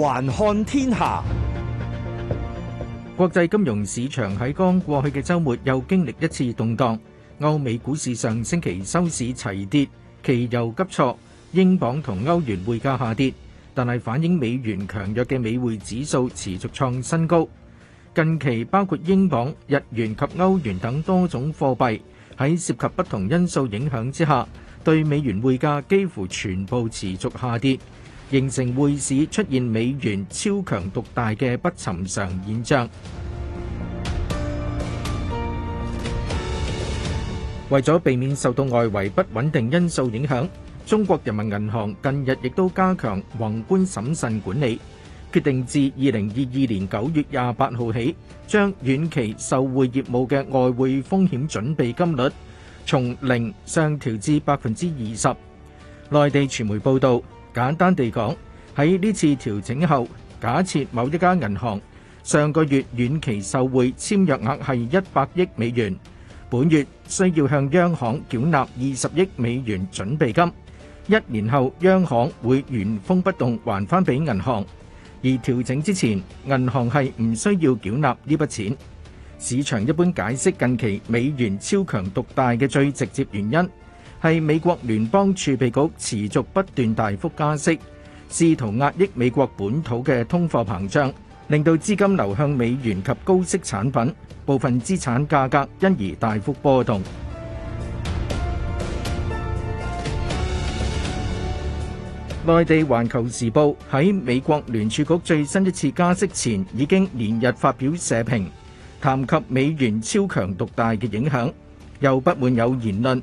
環看天下，國際金融市場喺剛過去嘅周末又經歷一次動盪。歐美股市上星期收市齊跌，期油急挫，英鎊同歐元匯價下跌，但係反映美元強弱嘅美匯指數持續創新高。近期包括英鎊、日元及歐元等多種貨幣喺涉及不同因素影響之下，對美元匯價幾乎全部持續下跌。形成匯市出現美元超強獨大嘅不尋常現象。為咗避免受到外圍不穩定因素影響，中國人民銀行近日亦都加強宏觀審慎管理，決定自二零二二年九月廿八號起，將遠期售匯業務嘅外匯風險準備金率從零上調至百分之二十。內地傳媒報道。簡單地講，喺呢次調整後，假設某一家銀行上個月遠期售匯簽約額係一百億美元，本月需要向央行繳納二十億美元準備金。一年後，央行會原封不動還返畀銀行。而調整之前，銀行係唔需要繳納呢筆錢。市場一般解釋近期美元超強獨大嘅最直接原因，係美國聯邦儲備局持續不斷大幅加息，試圖壓抑美國本土嘅通貨膨脹，令到資金流向美元及高息產品，部分資產價格因而大幅波動。內地《環球時報》喺美國聯儲局最新一次加息前已經連日發表社評，談及美元超強獨大嘅影響，又不滿有言論。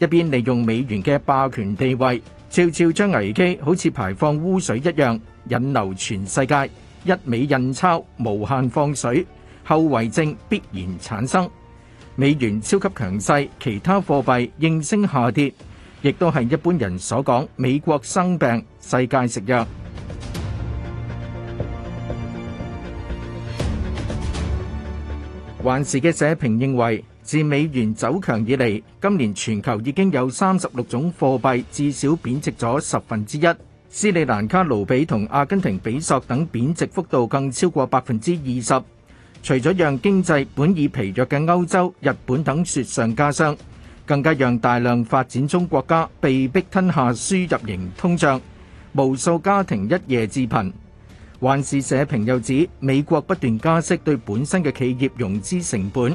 一邊利用美元嘅霸權地位，悄悄將危機好似排放污水一樣引流全世界，一味印鈔，無限放水，後遺症必然產生。美元超級強勢，其他貨幣應聲下跌，亦都係一般人所講美國生病，世界食藥。環球嘅社評認為。自美元走強以嚟，今年全球已經有三十六種貨幣至少貶值咗十分之一。斯里蘭卡盧比同阿根廷比索等貶值幅度更超過百分之二十。除咗讓經濟本已疲弱嘅歐洲、日本等雪上加霜，更加讓大量發展中國家被逼吞下輸入型通脹，無數家庭一夜致貧。環時社評又指，美國不斷加息，對本身嘅企業融資成本。